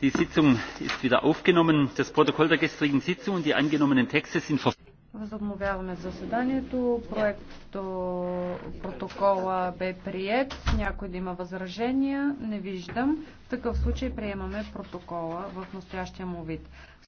die sitzung ist wieder aufgenommen. das protokoll der gestrigen sitzung und die angenommenen texte sind Възобновяваме заседанието. Проекто протокола бе прият. Някой да има възражения? Не виждам. В такъв случай приемаме протокола в настоящия му вид.